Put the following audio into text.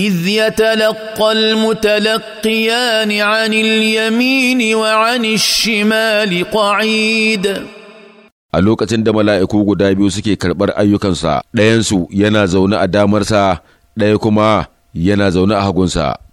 إذ يتلقى المتلقيان عن اليمين وعن الشمال قعيد a lokacin da mala'iku guda biyu suke karɓar ayyukansa ɗayansu yana zaune a damarsa ɗaya kuma yana zaune a hagunsa